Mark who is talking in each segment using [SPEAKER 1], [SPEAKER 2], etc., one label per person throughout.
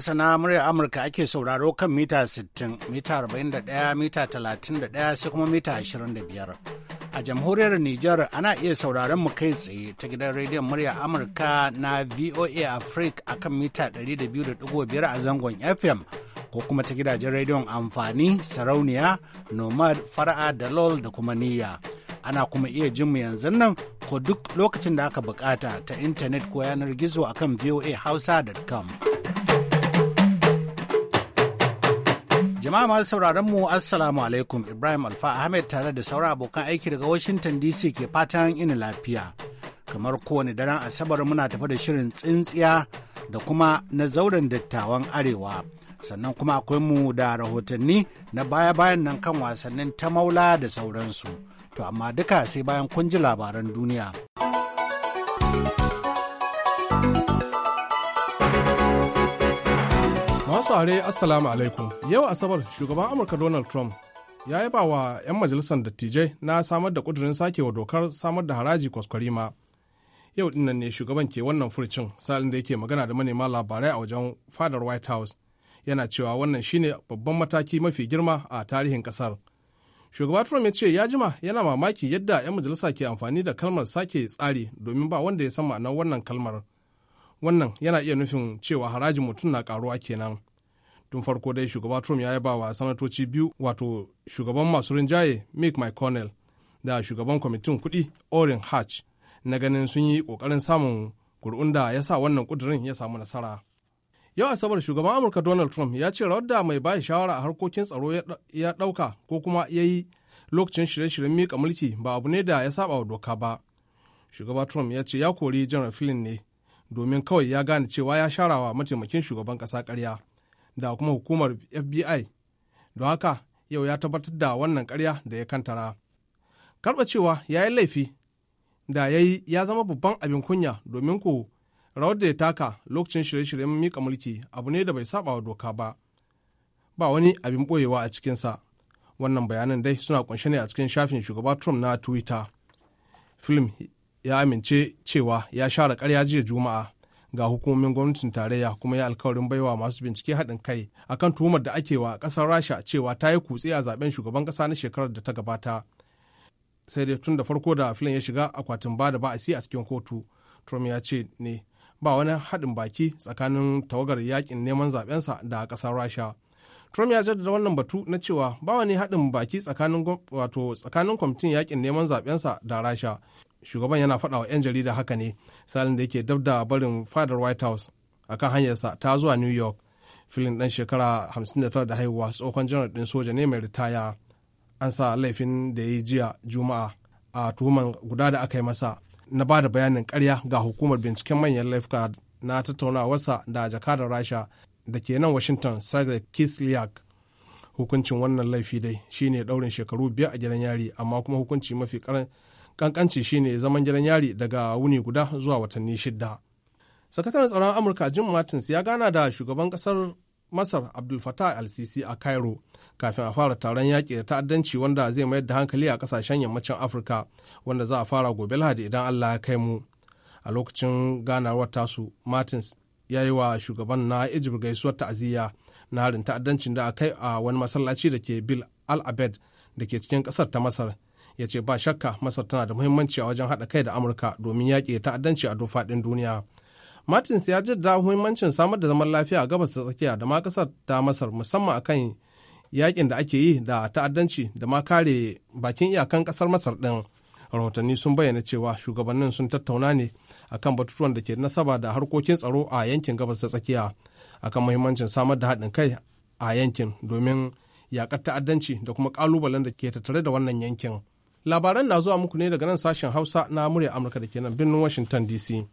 [SPEAKER 1] Hausa na murya Amurka ake sauraro kan mita 60, mita 41, mita 31 sai kuma mita 25. A jamhuriyar Nijar ana iya sauraron mu kai tsaye ta gidan rediyon murya Amurka na VOA Africa akan mita 200.5 a zangon FM. ko kuma ta gidajen rediyon amfani sarauniya nomad fara'a da lol da kuma niyya ana kuma iya jin mu yanzu nan ko duk lokacin da aka bukata ta intanet ko yanar gizo akan voahausa.com. Jama'a masu sauraron mu Assalamu alaikum Ibrahim Alfa Ahmed tare da sauran abokan aiki daga Washington DC ke fatan ina lafiya. Kamar kowane daren Asabar muna tafi da shirin tsintsiya da kuma na zauren dattawan Arewa. Sannan kuma akwai mu da rahotanni na baya-bayan nan kan wasannin ta maula da sauransu. To amma duka sai bayan kun ji labaran duniya.
[SPEAKER 2] Masu are Assalamu alaikum. Yau Asabar shugaban Amurka Donald Trump ya yaba wa 'yan majalisar dattijai na samar da kudurin wa dokar samar da haraji kwaskwari ma Yau dinnan ne shugaban ke wannan furcin salin da yake magana da manema labarai a wajen fadar White House yana cewa wannan shine babban mataki mafi girma a tarihin kasar. Shugaba Trump ya ce ya jima yana mamaki yadda 'yan majalisa ke amfani da kalmar sake tsari domin ba wanda ya san ma'anar wannan kalmar. Wannan yana iya nufin cewa harajin mutum na karuwa kenan. tun farko dai shugaba trump ya yaba wa sanatoci biyu wato shugaban masu rinjaye mick mcconnell da shugaban kwamitin kudi orin hatch na ganin sun yi kokarin samun kur'un da ya sa wannan ƙudurin ya samu nasara yau asabar shugaban amurka donald trump ya ce rawar da mai ba shawara a harkokin tsaro ya dauka ko kuma ya yi lokacin shirye-shiryen mika mulki ba abu ne da ya saba wa doka ba shugaba trump ya ce ya kori general flynn ne domin kawai ya gane cewa ya sharawa mataimakin shugaban ƙasa karya da kuma hukumar FBI. Don haka yau ya tabbatar da wannan karya da ya kantara. Karɓa cewa ya yi laifi da ya yi ya zama babban abin kunya domin ku rawar da ya taka lokacin shirye-shiryen mika mulki abu ne da bai saba wa doka ba. Ba wani abin ɓoyewa a cikinsa. Wannan bayanan dai suna kunshe ne a cikin shafin shugaba Trump na Twitter. Film ya amince cewa ya share karya jiya Juma'a. ga hukumomin gwamnatin tarayya kuma ya alkawarin baiwa masu bincike haɗin kai akan tuhumar da ake wa ƙasar rasha cewa ta yi kutse a zaben shugaban ƙasa na shekarar da ta gabata sai dai tun da farko da filin ya shiga akwatin ba da ba a cikin kotu trump ya ce ne ba wani haɗin baki tsakanin tawagar yakin neman zaɓensa da ƙasar rasha trump ya jaddada wannan batu na cewa ba wani haɗin baki tsakanin kwamitin yakin neman zaɓensa da rasha shugaban yana faɗa wa 'yan jarida haka ne salin da yake dab da barin fadar white house akan hanyarsa ta zuwa new york filin ɗan shekara 59 da haihuwa tsohon janar ɗin soja ne mai ritaya an sa laifin da ya yi jiya juma'a a tuhuman guda da aka yi masa na ba da bayanin karya ga hukumar binciken manyan laifuka na tattaunawarsa da jakadar rasha da ke nan washington sergei kislyak hukuncin wannan laifi dai shine ɗaurin shekaru biyar a gidan yari amma kuma hukunci mafi kankanci shine zaman gidan yari daga wuni guda zuwa watanni shidda sakataren tsaron amurka jim martins ya gana da shugaban kasar masar abdul fatah al-sisi a cairo kafin a fara taron yaƙi da ta'addanci wanda zai mayar da hankali a kasashen yammacin afirka wanda za a fara gobe lahadi idan allah ya kai mu a lokacin ganawar tasu martins ya yi wa shugaban na egypt gaisuwar ta'aziyya na harin ta'addancin da a kai a wani masallaci da ke bil al-abed da ke cikin ƙasar ta masar ya ce ba shakka masar tana da muhimmanci a wajen haɗa kai da amurka domin yaƙi da ta'addanci a dufaɗin duniya martins ya jaddada muhimmancin samar da zaman lafiya a gabas ta tsakiya da ma ƙasar ta masar musamman akan yaƙin da ake yi da ta'addanci da ma kare bakin iyakan ƙasar masar ɗin rahotanni sun bayyana cewa shugabannin sun tattauna ne akan batutuwan da ke nasaba da harkokin tsaro a yankin gabas ta tsakiya akan muhimmancin samar da haɗin kai a yankin domin yaƙar ta'addanci da kuma ƙalubalen da ke tattare da wannan yankin labaran na zuwa muku ne daga nan sashen hausa na murya amurka da kenan birnin washington dc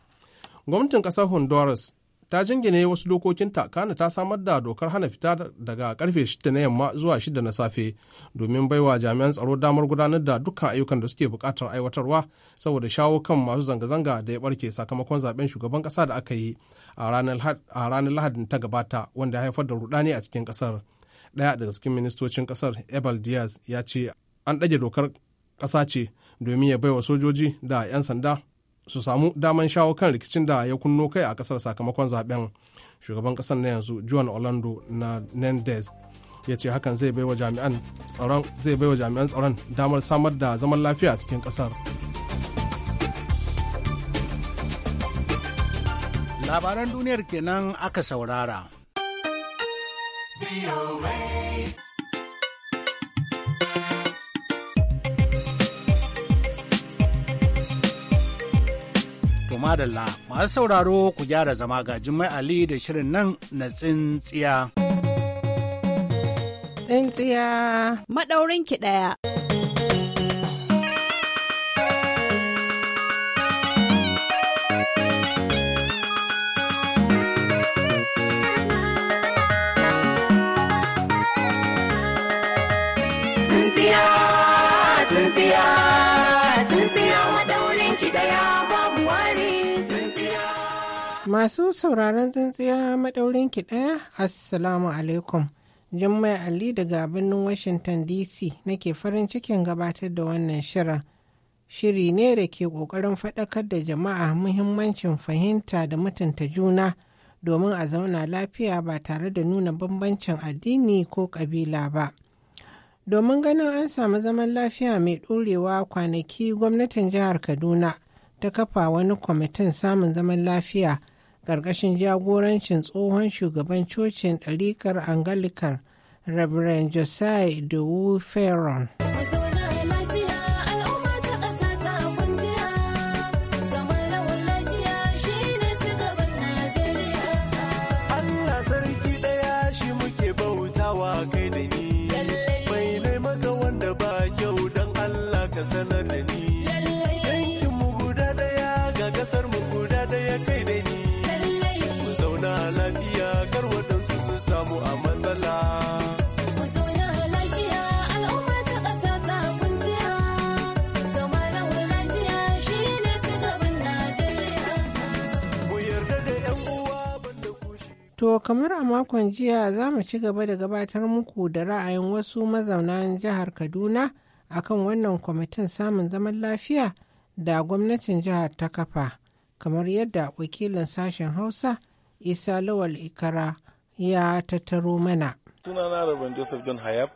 [SPEAKER 2] gwamnatin kasar honduras ta jingine wasu ta kana ta samar da dokar hana fita daga karfe 6 na yamma zuwa 6 na safe domin baiwa jami'an tsaro damar gudanar da dukkan ayyukan da suke bukatar aiwatarwa saboda shawo kan masu zanga-zanga da ya barke sakamakon zaben shugaban kasa da aka yi a ranar lahadin ta gabata wanda ya haifar da rudani a cikin kasar daya daga cikin ministocin kasar ebal diaz ya ce an ɗage dokar ƙasa ce domin ya baiwa sojoji da 'yan sanda su samu daman shawo kan rikicin da ya kunno kai a ƙasar sakamakon zaben shugaban ƙasar na yanzu john orlando na nendez ya ce hakan zai baiwa jami'an tsaron zai baiwa jami'an tsaron damar samar da zaman lafiya a cikin ƙasar
[SPEAKER 1] labaran duniyar kenan aka saurara madalla masu sauraro ku gyara zama ga Jummai Ali da shirin nan na tsintsiya.
[SPEAKER 3] Tsintsiya. Maɗaurin ki ɗaya. Masu sauraron tsintsiya maɗaurin ki ɗaya, Assalamu alaikum. Jummai Ali daga birnin Washington DC nake farin cikin gabatar da wannan shirin. Shiri ne da ke ƙoƙarin faɗakar da jama'a muhimmancin fahimta da mutunta juna domin a zauna lafiya ba tare da nuna bambancin addini ko ƙabila ba. Domin ganin an samu zaman lafiya mai ɗorewa kwanaki gwamnatin jihar Kaduna ta kafa wani kwamitin samun zaman lafiya. ƙarƙashin jagorancin tsohon shugaban cocin ɗarikar angalikan reverend josiah de kamar a makon jiya za mu ci gaba da gabatar muku da ra'ayin wasu mazauna jihar Kaduna akan wannan kwamitin samun zaman lafiya da gwamnatin jihar ta kafa, kamar yadda wakilin sashen Hausa Isa Lawal Ikara ya tattaro mana.
[SPEAKER 4] Sunana Rabin Joseph John Hayab,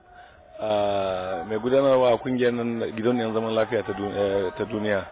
[SPEAKER 4] mai gudanarwa a kungiyar gidauniyar zaman lafiya eh, ta duniya.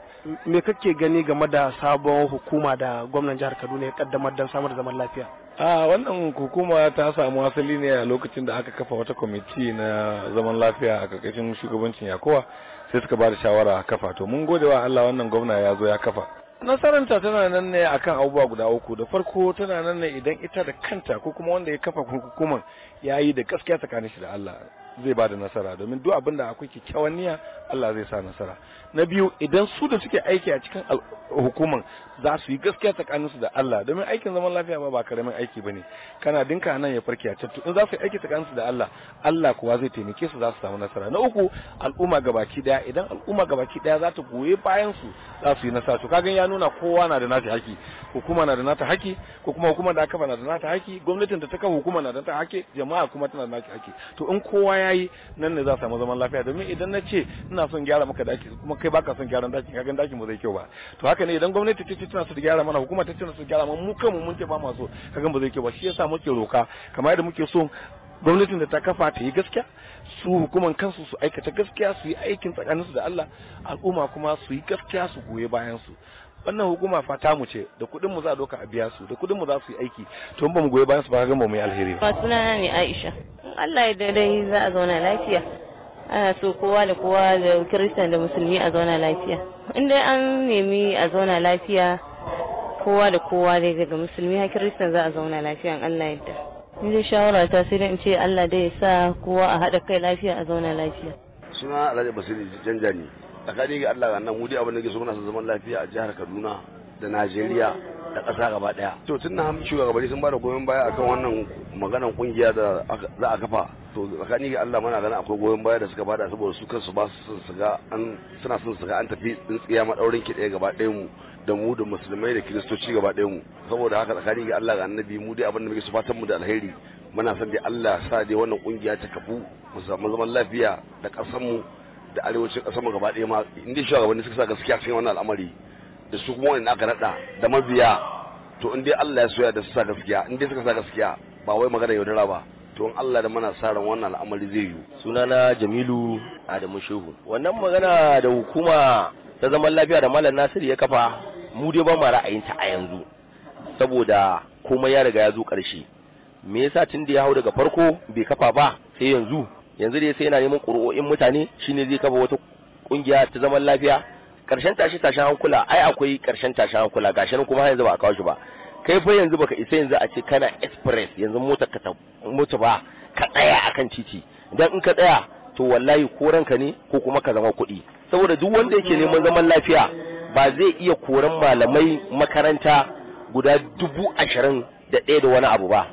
[SPEAKER 5] Me kake gani game da sabon hukuma da gwamnan jihar Kaduna ya kaddamar don samar zaman lafiya?
[SPEAKER 4] a wannan hukuma ta samu asali ne a lokacin da aka kafa wata kwamiti na zaman lafiya a karkashin shugabancin yakowa sai suka ba da shawara a kafa to mun gode wa Allah wannan gwamna ya zo ya kafa nasaranta tana nan ne akan abubuwa guda uku da farko tana nan ne idan ita da kanta ko kuma wanda ya kafa hukuman ya yi da gaskiya tsakanin shi da Allah zai ba da nasara domin duk abin da akwai kyakkyawan niyya Allah zai sa nasara na biyu idan su da suke aiki a cikin hukumar za su yi gaskiya tsakaninsu da Allah domin aikin zaman lafiya ba ba karamin aiki ba ne kana dinka nan ya farki a cattu in za su yi aiki tsakaninsu da Allah Allah kuwa zai taimake su za su samu nasara na uku al'umma gabaki daya idan al'umma gabaki daya za ta goye bayan su za su yi nasara to kagan ya nuna kowa na da nata haki hukuma na da nata haki ko kuma hukuma da aka fa na da nata haki gwamnatin da ta kafa hukuma na da nata haki jama'a kuma tana da nata haki to in kowa yayi nan ne za a samu zaman lafiya domin idan na ce ina son gyara maka da kuma kai baka son gyaran dakin kaga dakin ba zai kyau ba to haka ne idan gwamnati ta ce tana su gyara mana hukuma ta ce tana su gyara mana mu kanmu mun ce ba ma so kaga ba zai kyau ba shi yasa muke roka kamar yadda muke so gwamnatin da ta kafa ta yi gaskiya su hukuman kansu su aikata gaskiya su yi aikin tsakaninsu da Allah al'umma kuma su yi gaskiya su goye bayan su wannan hukuma fata mu ce da kuɗin mu za a doka a biya su da kuɗin mu za su yi aiki to ba mu goye bayan su ba ga mu mai alheri ba sunana
[SPEAKER 6] ne Aisha Allah ya daidai za a zauna lafiya ana so kowa da kowa da kiristan da musulmi a zauna lafiya in dai an nemi a zauna lafiya kowa da kowa dai daga musulmi har kiristan za a zauna lafiya in Allah yadda ni dai shawara ta sai in ce Allah dai ya sa kowa a haɗa kai lafiya a zauna lafiya
[SPEAKER 4] suna Alhaji Basiru Janjani tsakani ga Allah nan mu dai abin da ke so muna son zaman lafiya a jihar Kaduna da Najeriya da ƙasa gaba ɗaya to tun na da shugabanni sun bada goyon baya akan wannan maganan kungiya da za a kafa to tsakani ga Allah mana gana akwai goyon baya da suka bada saboda su kansu ba su su ga an suna son su ga an tafi tsintsiya maɗaurin ki ɗaya gaba ɗaya mu da mu da musulmai da kiristoci gaba ɗaya mu saboda haka tsakani ga Allah ga annabi mu dai abin da muke su fatan mu da alheri muna son dai Allah sa dai wannan kungiya ta kafu mu samu zaman lafiya da ƙasar mu da arewacin ƙasar mu gaba ɗaya ma in dai shugabanni suka sa gaskiya cikin wannan al'amari da su kuma wani aka naɗa da mabiya to in dai Allah ya soya da su sa gaskiya in dai suka sa gaskiya ba wai magana yaudara ba to in Allah da mana sa
[SPEAKER 5] ran wannan al'amari zai Suna sunana Jamilu Adamu Shehu wannan magana da hukuma ta zaman lafiya da Malam Nasiru ya kafa mu dai ba mu ta a yanzu saboda komai ya riga ya zo ƙarshe me yasa tun da ya hau daga farko bai kafa ba sai yanzu yanzu dai sai yana neman ƙuri'o'in mutane shine zai kafa wata ƙungiya ta zaman lafiya karshen tashi tashin hankula ai akwai karshen tashin hankula gashi nan kuma yanzu ba a kawo shi ba kai fa yanzu baka isa yanzu a ce kana express yanzu mota ka ta mutu ba ka tsaya akan titi dan in ka tsaya to wallahi ko ranka ne ko kuma ka zama kuɗi saboda duk wanda yake neman zaman lafiya ba zai iya koran malamai makaranta guda dubu ashirin da ɗaya da wani abu ba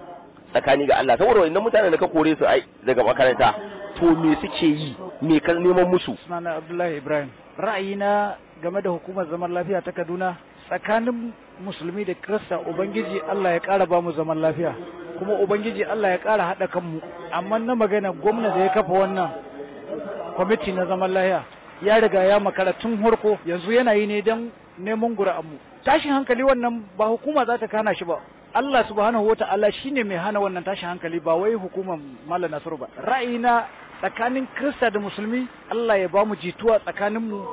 [SPEAKER 5] tsakani ga Allah saboda wannan mutanen da ka kore su ai daga makaranta to me suke yi me ka neman musu sunana Abdullahi Ibrahim ra'ayina game da hukumar zaman lafiya ta Kaduna tsakanin musulmi da kirista ubangiji Allah ya ƙara ba mu zaman lafiya kuma ubangiji Allah ya ƙara haɗa kanmu amma na magana gwamna da ya kafa wannan kwamiti na zaman lafiya ya riga ya makara tun harko yanzu yana yi ne don neman mu tashin hankali wannan ba hukuma za ta kana shi ba Allah subhanahu shi ne mai hana wannan tashin hankali ba wai hukumar Malam Nasiru ba ra'ayi na tsakanin Kirista da Musulmi Allah ya ba mu jituwa tsakaninmu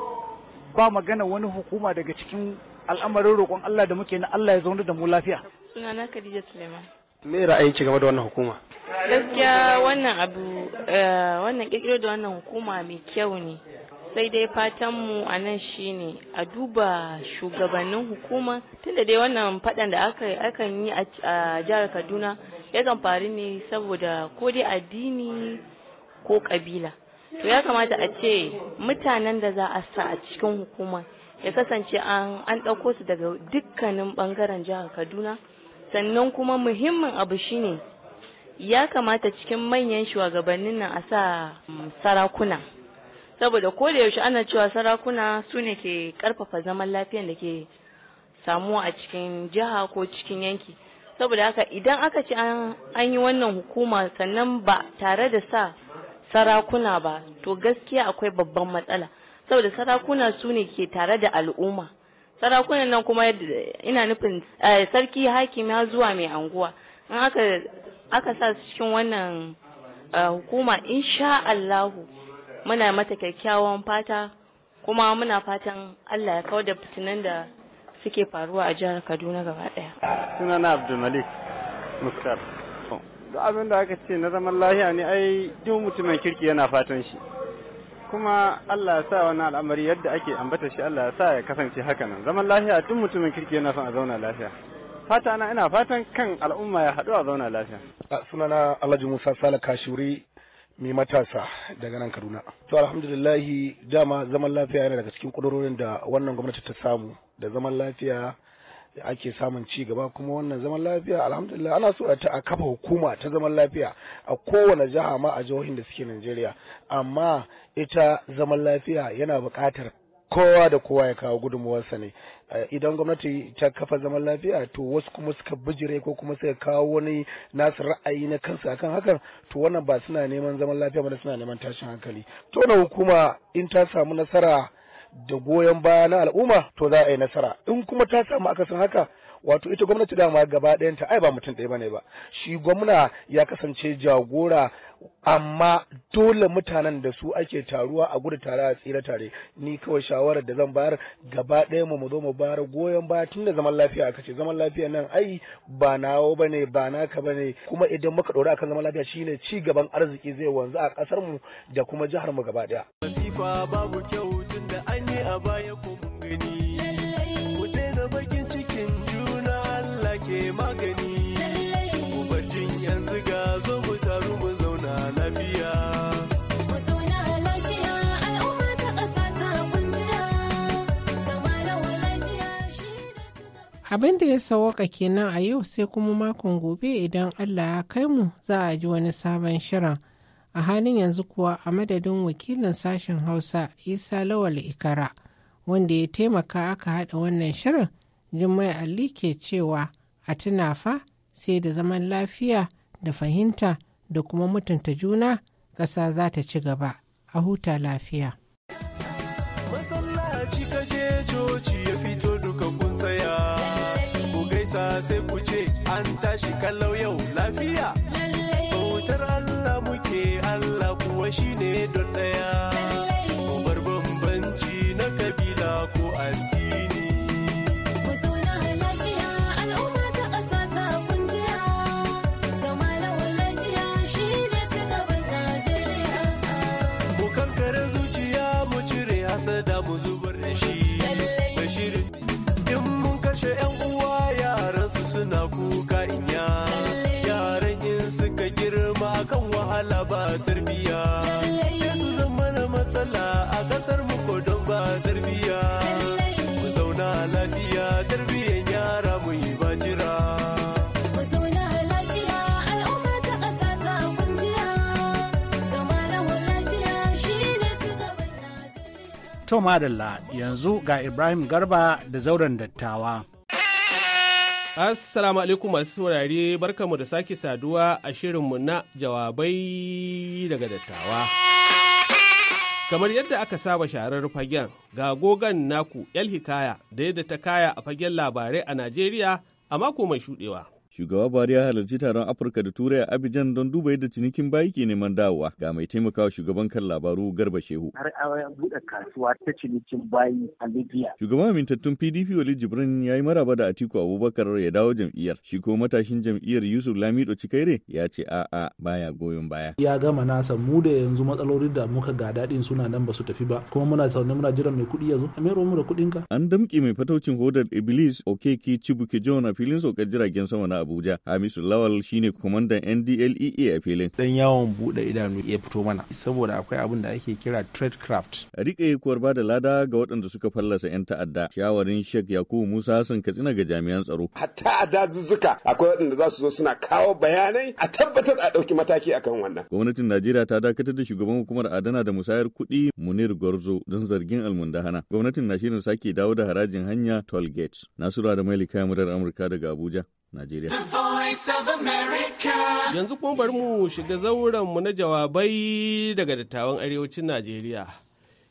[SPEAKER 5] ba magana wani hukuma daga cikin al'amarin roƙon Allah da muke na Allah ya zaune da mu lafiya.
[SPEAKER 6] Sunana Khadija Suleiman.
[SPEAKER 5] Me ra'ayin ci gaba da wannan hukuma?
[SPEAKER 6] Gaskiya wannan abu eh, wannan kirkiro da wannan hukuma mai kyau ne. Sai dai fatan mu a nan shine a duba shugabannin hukuma tunda dai wannan faɗan da aka akan yi a jihar Kaduna yakan faru ne saboda ko dai addini ko kabila. to ya kamata a ce mutanen da za a sa a cikin hukuma ya kasance an ɗauko su daga dukkanin ɓangaren jihar kaduna sannan kuma muhimmin abu shine ya kamata cikin manyan shugabannin nan a sa um, sarakuna saboda ko da yaushe ana cewa sarakuna su ne ke karfafa zaman lafiyan da ke samuwa a cikin jiha ko cikin yanki saboda haka idan aka ce an yi wannan hukuma sannan ba tare da sa sarakuna ba to gaskiya akwai babban matsala saboda sarakuna su ne ke tare da al'umma sarakunan nan kuma ina nufin eh, sarki hakima zuwa mai anguwa in aka sa su cikin wannan eh, hukuma insha Allahu muna mata kyakkyawan fata kuma muna fatan Allah ya kawar da fitinan da suke faruwa a jihar Kaduna gaba daya sunana Abdulmalik Muskar duk abin da aka ce na zaman lahiya ne
[SPEAKER 5] ai duk mutumin kirki yana fatan shi kuma Allah ya sa wannan al'amari yadda ake ambata shi Allah ya sa ya kasance haka nan zaman lahiya duk mutumin kirki yana son a zauna lafiya fata na ina fatan kan al'umma ya haɗu a zauna lafiya sunana Alhaji Musa Sala Kashuri mai matasa daga nan Kaduna to alhamdulillahi dama zaman lafiya yana daga cikin kudurorin da wannan gwamnati ta samu da zaman lafiya ake samun ci gaba kuma wannan zaman lafiya alhamdulillah ana so a kafa hukuma ta zaman lafiya a kowane jiha ma a jihohin da suke Najeriya amma ita zaman lafiya yana buƙatar kowa da kowa ya kawo gudunmuwarsa ne eh, idan gwamnati ta kafa zaman lafiya to wasu kuma suka bijire ko kuma suka kawo wani nasu ra'ayi na kansu akan hakan to wannan ba suna neman zaman lafiya ba suna neman tashin hankali to na hukuma in ta samu nasara da goyon baya na al'umma to za a yi nasara in kuma ta samu akasin haka wato ita gwamnati dama gaba ɗayanta ai ba mutum ɗaya bane ba shi gwamna ya kasance jagora amma dole mutanen da su ake taruwa a gudu tare a tsira tare ni kawai shawarar da zan bayar gaba ɗaya mu zo mu bayar goyon baya tun da zaman lafiya aka ce zaman lafiya nan ai ba nawo ne ba naka ba ne kuma idan muka ɗora akan zaman lafiya shine ci gaban arziki zai wanzu a ƙasar mu da kuma jihar mu gaba ɗaya.
[SPEAKER 7] an yi a baya ko mun gani ku daina bakin cikin juna Allah ke magani ku bar yanzu ga zo mu taru mu zauna lafiya
[SPEAKER 3] Abin da ya sawaka kenan a yau sai kuma makon gobe idan Allah ya kai mu za a ji wani sabon shirin. a halin yanzu kuwa a madadin wakilin sashen hausa isa lawal ikara wanda ya taimaka aka haɗa wannan shirin jimai ali ke cewa a tuna fa sai da zaman lafiya da fahimta da kuma mutunta juna ƙasa za ta ci gaba a huta lafiya
[SPEAKER 7] masallaci ya fito duka kun ku gaisa sai ku ce an tashi kallau yau lafiya Allah kuwa shi ne don ɗaya.
[SPEAKER 1] To madalla yanzu ga Ibrahim Garba da zauren dattawa.
[SPEAKER 8] Assalamu alaikum masu saurare barkamu da sake saduwa a shirin mu na jawabai daga dattawa. Kamar yadda aka saba sharar fagen ga gogan naku 'yar Hikaya da yadda ta kaya a fagen labarai a Najeriya a mako mai shudewa.
[SPEAKER 9] Shugaba Buhari ya halarci taron Afirka da Turai a Abidjan don duba yadda cinikin bayi ke neman dawowa ga mai taimakawa shugaban kan labaru Garba Shehu.
[SPEAKER 10] Har Aya buɗe kasuwa ta cinikin bayi a Libya.
[SPEAKER 9] Shugaban amintattun PDP Wali Jibrin ya yi maraba da Atiku Abubakar ya dawo jam'iyyar. Shi ko matashin jam'iyyar Yusuf Lamido Cikaire ya ce a'a baya goyon baya. Ya gama
[SPEAKER 1] nasa mu da yanzu matsalolin da muka ga daɗin suna nan ba su tafi ba kuma muna sauna muna jiran mai kuɗi yanzu. da kuɗinka?
[SPEAKER 9] An damƙe mai fataucin hodar Iblis Okeke Chibuke John a filin saukar jiragen sama na Abuja. Hamisu Lawal shine kwamandan NDLEA a filin. Dan yawon bude idanu ya fito mana saboda akwai abin da ake kira trade craft. Rike kuwar ba da lada ga waɗanda suka fallasa 'yan ta'adda. Shawarin Sheikh Yakubu Musa Hassan Katsina ga jami'an tsaro. Hatta
[SPEAKER 8] a dazuzzuka akwai waɗanda za su zo suna kawo bayanai a tabbatar a ɗauki mataki akan wannan.
[SPEAKER 9] Gwamnatin Najeriya ta dakatar da shugaban hukumar adana da musayar kuɗi Munir Gorzo don zargin almundahana. Gwamnatin na shirin sake dawo da harajin hanya toll gate. Nasura da Mailika Murar Amurka daga Abuja. Najeriya.
[SPEAKER 8] Yanzu kuma bari mu shiga zauren mu na jawabai daga dattawan arewacin Najeriya.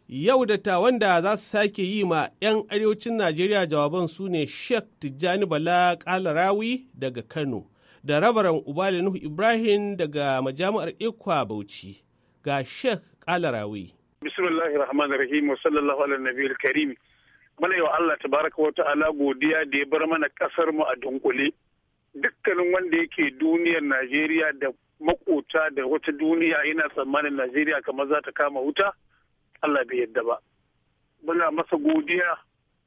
[SPEAKER 8] Yau dattawan da za su sake yi ma 'yan arewacin Najeriya jawaban su ne Sheikh Tijjani Bala Kalarawi daga Kano da rabaran Ubali Nuhu Ibrahim daga majami'ar Ikwa Bauchi ga Sheikh Kalarawi.
[SPEAKER 11] Bismillahir Rahmanir Rahim wa sallallahu ala karim. mana yau Allah tabaraka wa ta'ala godiya da ya bar mana kasar mu a dunkule. dukkanin wanda yake duniyar najeriya da makota da wata duniya yana tsammanin najeriya kamar za ta kama wuta allah bai yadda ba muna masa godiya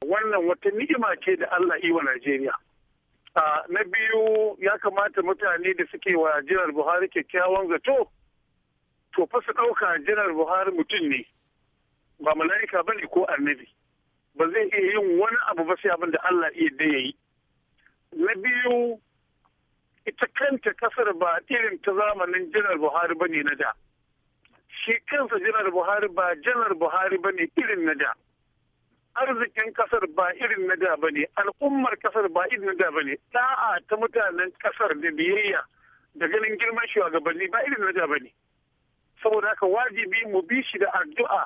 [SPEAKER 11] wannan wata ni'ima ce da allah yi wa najeriya na biyu ya kamata mutane da suke wa jiran buhari kyakkyawan zato to fa su ɗauka jiran buhari mutum ne ba mala'ika ba ne ko annabi ba zai iya yin wani abu ba sai abin da allah iya da ya yi na biyu ita kanta kasar ba irin ta zamanin janar buhari ba ne na da shi kansa janar buhari ba janar buhari ba ne irin na da arzikin kasar ba irin na da ba ne al'ummar kasar ba irin na da ba ne 'Ta'a ta mutanen kasar da biyayya da ganin girman shugabanni ba irin na da ba ne saboda haka wajibi mu bi shi da addu'a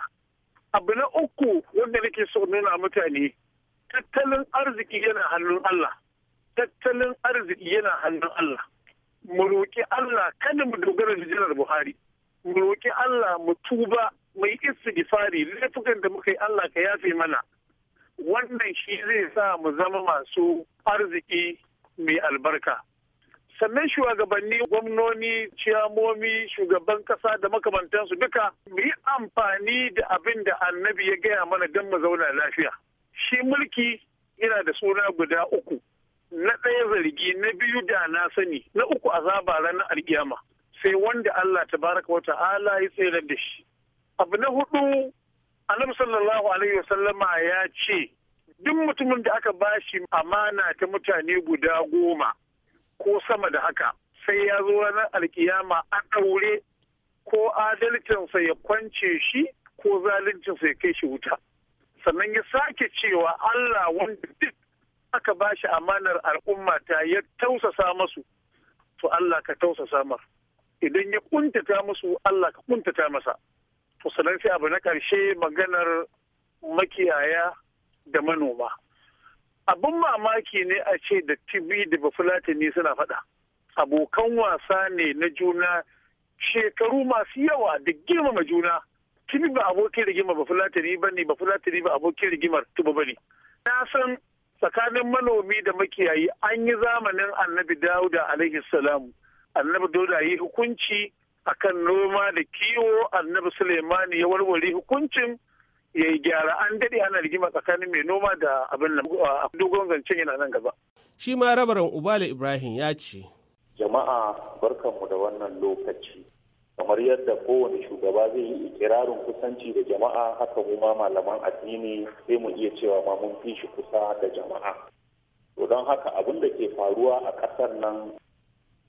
[SPEAKER 11] abu na uku wanda nake so nuna mutane tattalin arziki yana hannun Allah tattalin arziki yana hannun Allah mu roƙi Allah kada mu dogara da janar Buhari mu roƙi Allah mu tuba mai gifari laifukan da muka yi Allah ka yafe mana wannan shi zai sa mu zama masu arziki mai albarka sannan shugabanni gwamnoni ciyamomi shugaban ƙasa da makamantansu duka mu yi amfani da abin da annabi ya gaya mana don mu zauna lafiya shi mulki yana da suna guda uku na ɗaya zargi na biyu da na sani na uku a azaba ranar alkiyama sai wanda Allah ta baraka wata ala ya tsere da shi abu na hudu annabi sallallahu alaihi wasallama ya ce duk mutumin da aka bashi amana ta mutane guda goma ko sama da haka sai ya zo ranar alkiyama a ɗaure ko adalcinsa ya kwance shi ko zaluncinsa ya kai shi wuta sannan ya sake cewa Allah wanda duk aka ba shi amanar al'umma ta ya tausasa masu to Allah ka tausasa ma idan ya kuntata musu Allah ka kuntata masa to sanan sai abu na karshe maganar makiyaya da manoma abin mamaki ne a ce da tibi da bafulatani suna faɗa abokan wasa ne na juna shekaru masu yawa da girmama juna tibi ba abokin rigima bafulatani ba ne bafulatani ba abokin rigimar tuba ba ne na san tsakanin manomi da makiyayi an yi zamanin annabi dauda alaihi salam annabi dauda yi hukunci akan noma da kiwo annabi suleimani ya warware hukuncin ya yi gyara an daɗe ana rigima tsakanin mai noma da abin nan dogon zancen yana nan gaba.
[SPEAKER 8] shi ma rabaran ubala ibrahim ya ce
[SPEAKER 10] jama'a barkanmu da wannan lokaci kamar yadda kowane shugaba zai yi ikirarin kusanci da jama'a haka mu malaman addini sai mu iya cewa ma mun fi shi kusa da jama'a to don haka abin da ke faruwa a ƙasar nan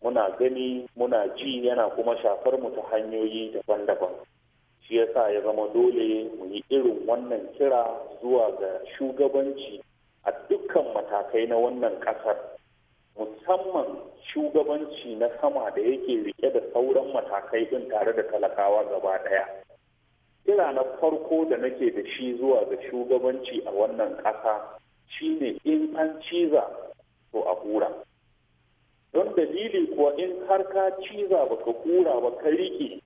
[SPEAKER 10] muna gani muna ji yana kuma shafar mu ta hanyoyi daban-daban shi yasa ya zama dole mu yi irin wannan kira zuwa ga shugabanci a dukkan matakai na wannan ƙasar musamman shugabanci na sama da yake rike da sauran matakai din tare da talakawa gaba daya kira na farko da nake da shi zuwa ga shugabanci a wannan ƙasa shine in an ciza to a hura don dalili kuwa in har ka ciza baka hura ba ka rike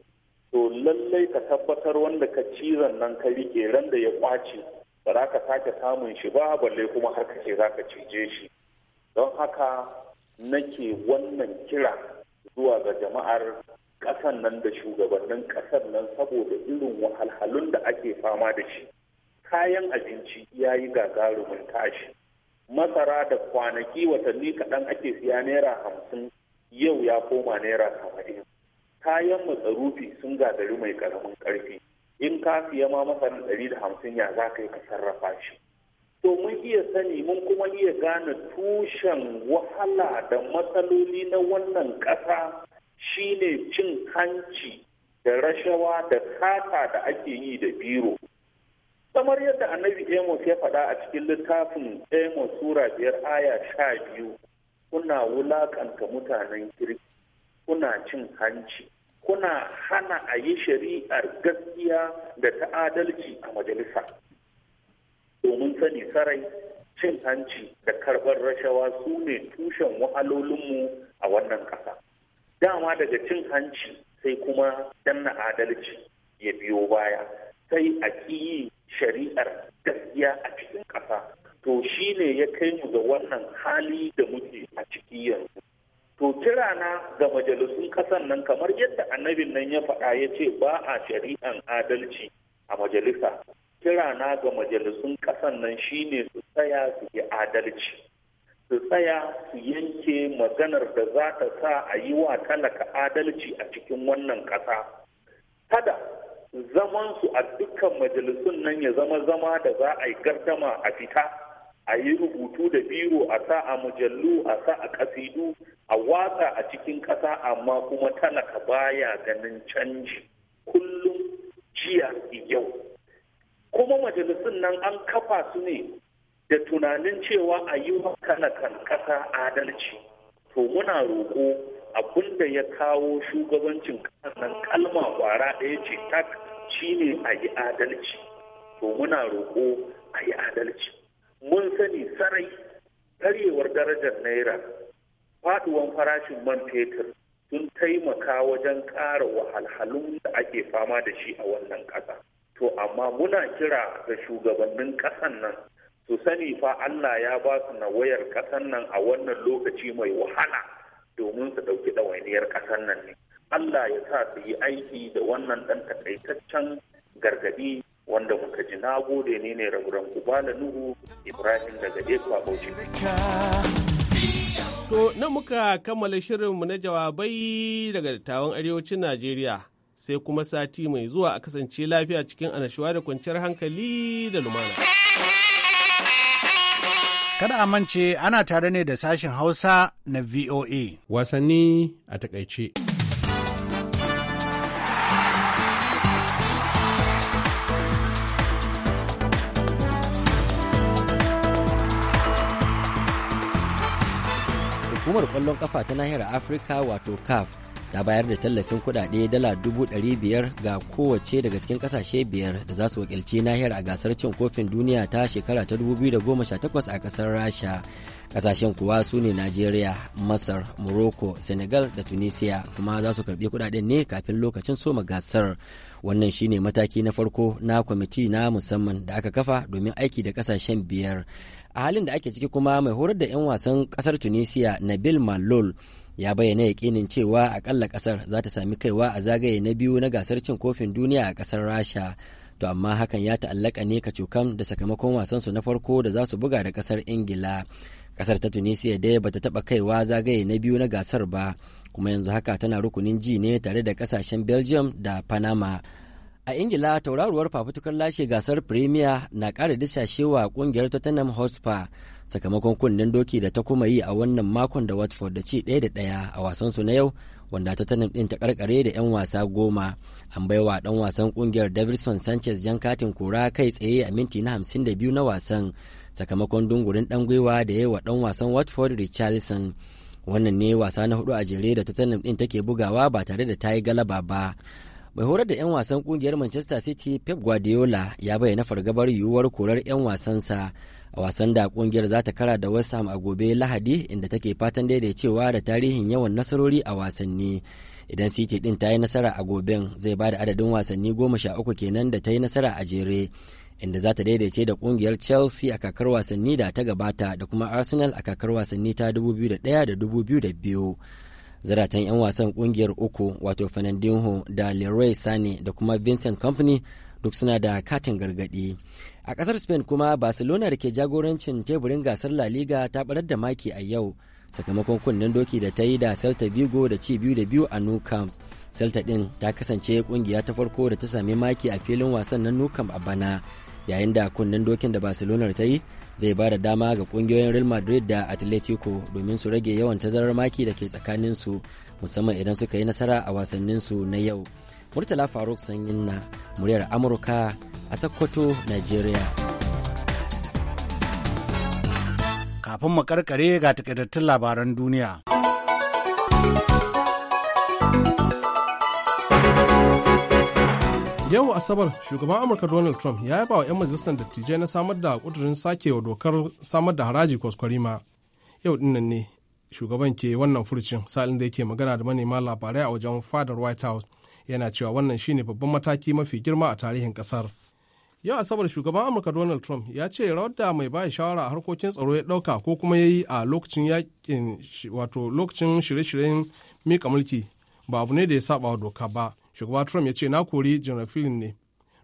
[SPEAKER 10] to lallai ka tabbatar wanda ka cizan nan ka rike randa ya kwace ba za ka sake samun shi ba balle kuma har ka ce za ka cije shi don haka nake wannan kira zuwa ga jama'ar ƙasan nan da shugabannin ƙasar nan saboda irin wahalhalun da ake fama da shi kayan abinci ya yi gagarumin tashi masara da kwanaki watanni kaɗan ake siya naira hamsin yau ya koma naira saba'in kayan matsarufi sun gagari mai ƙaramin ƙarfi in ka siya ma masarar ɗari da hamsin ya za ka yi ka sarrafa shi to mun iya sani mun kuma iya gane tushen wahala da matsaloli na wannan ƙasa shine cin hanci da rashawa da kata da ake yi da biro kamar yadda annabi amos ya faɗa a cikin littafin amos sura biyar aya sha biyu kuna wulaƙanta mutanen kirki kuna cin hanci kuna hana a yi shari'ar gaskiya da ta'adalci a majalisa mun sani sarai cin hanci da karɓar rashawa su ne tushen wahalolinmu a wannan ƙasa. Dama daga cin hanci sai kuma danna adalci ya biyo baya sai a ƙiyi shari'ar gaskiya a cikin ƙasa. To shi ne ya kai mu ga wannan hali da muke a ciki yanzu. To kirana ga majalisun ƙasar nan kamar yadda annabin nan ya faɗa ya ce ba a shari'an adalci a majalisa Kirana ga majalisun ƙasan nan shine su tsaya su yi adalci su tsaya su yanke maganar da za ta sa a yi wa talaka adalci a cikin wannan ƙasa kada zaman su a dukkan majalisun nan ya zama zama da za a yi gardama a fita a yi rubutu da biro a sa a mujallu a sa a kasidu a watsa a cikin ƙasa amma kuma talaka baya ganin canji kullum majalisun nan an kafa su ne da tunanin cewa a yi wa kanakan ƙasa adalci to muna roƙo abin da ya kawo shugabancin ƙasar nan kalma kwara ɗaya ce tak shine a yi adalci to muna roƙo a yi adalci mun sani sarai karyewar darajar naira faduwan farashin man fetur sun taimaka wajen ƙara wahalhalun da ake fama da shi a wannan ƙasa to amma muna kira ga shugabannin ƙasan nan su sani fa Allah ya ba su na wayar ƙasan nan a wannan lokaci mai wahala domin su ɗauki ɗawainiyar ƙasan nan ne Allah ya sa su yi aiki da wannan ɗan taƙaitaccen gargaɗi wanda muka ji na gode ne ne raguran kubala nuhu ibrahim daga ekwa bauchi
[SPEAKER 8] to na muka kammala shirinmu na jawabai daga dattawan arewacin najeriya sai kuma sati mai zuwa a kasance lafiya cikin anashuwa da kwanciyar hankali da lumana.
[SPEAKER 1] Kada a mance ana tare ne da sashen Hausa na VOA. Wasanni a takaice.
[SPEAKER 12] Hukumar kwallon kafa ta nahiyar Afirka wato CAF ta bayar da tallafin kuɗaɗe dala dubu ɗari biyar ga kowace daga cikin kasashe biyar da za su wakilci nahiyar a gasar cin kofin duniya ta shekara ta da goma 2018 a kasar rasha ƙasashen kuwa su ne najeriya masar morocco senegal da tunisia kuma za su karɓi kuɗaɗen ne kafin lokacin soma gasar wannan shine mataki na farko na kwamiti na musamman da aka kafa domin aiki da ƙasashen biyar a halin da ake ciki kuma mai horar da 'yan wasan ƙasar tunisia nabil malol ya bayyana yaƙinin cewa akalla ƙasar za ta sami kaiwa a zagaye na biyu na gasar cin kofin duniya a ƙasar rasha to amma hakan ya ta'allaka ne ka kacokan da sakamakon wasansu na farko da za su buga da ƙasar ingila ƙasar ta tunisia dai ta taɓa kaiwa zagaye na biyu na gasar ba kuma yanzu haka tana rukunin ji ne tare da ƙasashen belgium da panama a ingila tauraruwar fafutukar lashe gasar premier na kara disashewa kungiyar tottenham hotspur sakamakon kunnen doki da ta kuma yi a wannan makon da watford da ci ɗaya da ɗaya a wasan su na yau wanda ta tanin ɗin ta karkare da 'yan wasa goma an baiwa ɗan wasan ƙungiyar davidson sanchez jan katin kura kai tsaye a minti na 52 na wasan sakamakon dungurin ɗan gwiwa da wa ɗan wasan watford richardson wannan ne wasa na hudu a jere da tottenham ɗin take bugawa ba tare da ta yi galaba ba mai horar da 'yan wasan kungiyar manchester city pep guardiola ya bayyana fargabar yiwuwar korar 'yan wasansa a wasan da kungiyar za ta kara da west ham a gobe lahadi inda take fatan daidaicewa da tarihin yawan nasarori a wasanni idan city din ta yi nasara a goben zai ba da adadin wasanni goma sha uku kenan da ta yi nasara a jere inda za ta daidaice da kungiyar chelsea a kakar wasanni da ta gabata da kuma arsenal a kakar wasanni ta 2001 da 2002 zaratan 'yan wasan kungiyar uku wato fernandinho da leroy sane da kuma vincent company duk suna da katin gargadi a kasar spain kuma barcelona da ke jagorancin teburin gasar la liga ta barar da maki a yau sakamakon kunnen doki da ta yi da celta vigo da ci biyu da biyu a new camp celta din ta kasance kungiya ta farko da ta sami maki a filin wasan na new camp a bana yayin da kunnen dokin da barcelona ta yi zai ba da dama ga kungiyoyin real madrid da atletico domin su rage yawan tazarar maki da ke tsakaninsu musamman idan suka yi nasara a wasanninsu na yau murtala faruk sanyin na muryar amurka a sokoto nigeria
[SPEAKER 1] kafin mu karkare ga takaitattun labaran duniya
[SPEAKER 2] Yau Asabar shugaban Amurka Donald Trump ya yaba wa 'yan majalisar dattijai na samar da kudurin sakewa dokar samar da haraji kwaskwarima. Yau dinnan ne shugaban ke wannan furucin salin da yake magana da manema labarai a wajen fadar White House yana cewa wannan shine babban mataki mafi girma a tarihin kasar. Yau Asabar shugaban Amurka Donald Trump ya ce rawar da mai bayar shawara a harkokin tsaro ya dauka ko kuma ya yi a lokacin yakin wato lokacin shirye-shiryen mika mulki ba abu ne da ya saba wa doka ba. shugaba trump ya ce na kori general flynn ne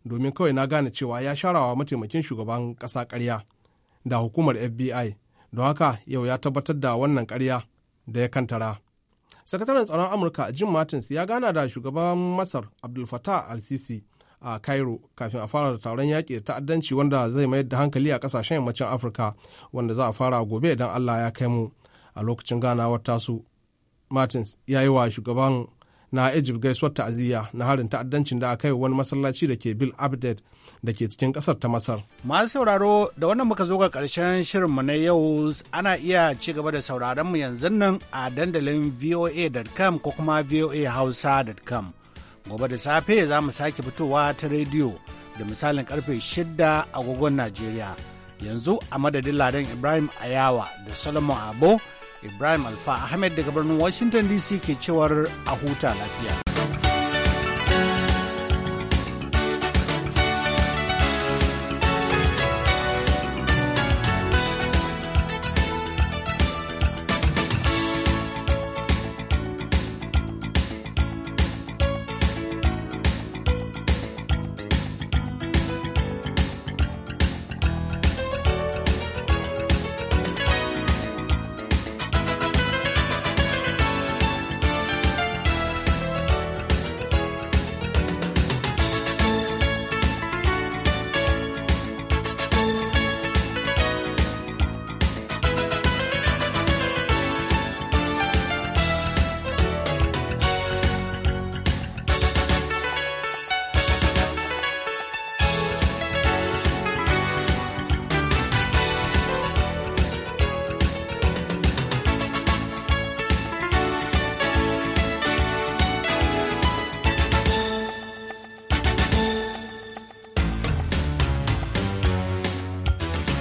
[SPEAKER 2] domin kawai na gane cewa ya sharawa mataimakin shugaban ƙasa karya da hukumar fbi don haka yau ya tabbatar da wannan karya da ya kantara sakataren tsaron amurka jim martins ya gana da shugaban masar abdul fatah al-sisi a cairo kafin a fara da taron yaƙi da ta'addanci wanda zai mayar da hankali a ƙasashen yammacin afirka wanda za a fara gobe idan allah ya kai mu a lokacin ganawar tasu martins ya yi wa shugaban na Egypt gaisuwar ta'aziyya na harin ta'addancin da aka yi wani masallaci da ke Bil Abded da ke cikin kasar ta Masar.
[SPEAKER 1] Masu sauraro da wannan muka zo ga ƙarshen shirinmu na yau ana iya ci gaba da sauraron mu yanzu nan a dandalin voa.com ko kuma voahausa.com. Gobe da safe za mu sake fitowa ta rediyo da misalin karfe 6 agogon Najeriya. Yanzu a madadin Ladan Ibrahim Ayawa da Solomon Abo Ibrahim Alfa Ahmed daga birnin Washington DC ke cewar a huta
[SPEAKER 8] lafiya.